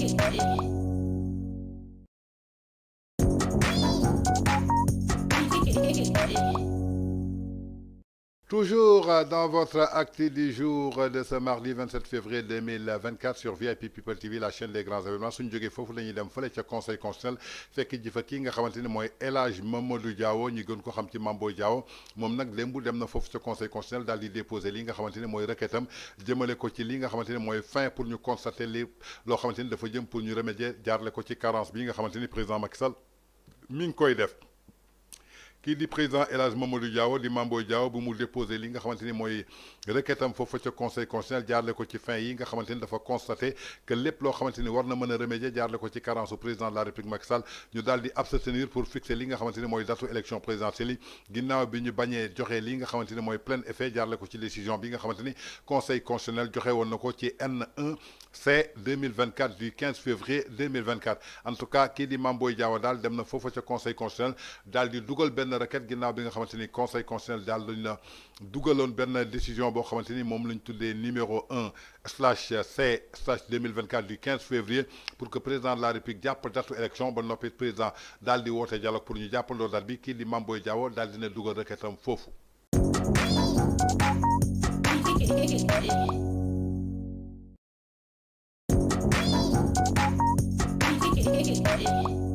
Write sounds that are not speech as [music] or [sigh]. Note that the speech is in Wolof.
Thank [laughs] you. Toujours dans votre acte du jour de ce mardi 27 février 2024 sur VIP People TV la chaîne des grands événements nous jógee foofu la ñuy dem fële ca conseil constitutionnel fekk ji fa kii nga xamante ni mooy El Hadj Mamadou Diawo ñu gën ko xam ci Mambo Diawo moom nag démb dem na foofu ca conseil constitutionnel daal di déposé li nga xamante ni mooy requêtam jëmale ko ci li nga xamante ni fin pour ñu constater li loo de ni dafa jëm pour ñu remédier jaarle ko ci carence bi nga xamante ni président Macky Sall mi ngi koy def qui dit président El Hadj Mamadou Diaw di Mamboy Diaw bu mu déposé li nga xamante requête mooy requêtam foofu ca conseil constitutionnel jaarle ko ci fin yi nga xamante ni dafa constaté que lépp loo xamante ni war na remédier jaarle ko ci carence au président de la république Macky nous ñu daal abstenir pour fixer li nga moi ni mooy élection présidentielle yi ginnaaw bi ñu bañee joxe li nga plein effet jaarle ko ci décision bi nga xamante conseil constitutionnel joxe woon ci N1 c'est 2024 du 15 février 2024 en tout cas qui dit Mamboy Diaw daal dem na foofu conseil constitutionnel daal du Google Ben la requête ginnaw bi nga xamanteni conseil constitutionnel daal lañ la décision bo xamanteni mom lañ tuddé numéro 1 slash C 2024 du 15 février pour que président de la république à son élection ba présent président dal di woté dialogue pour ñu jàppandoo date bi qui di mamboy et dal dina dugal requête am faux [laughs]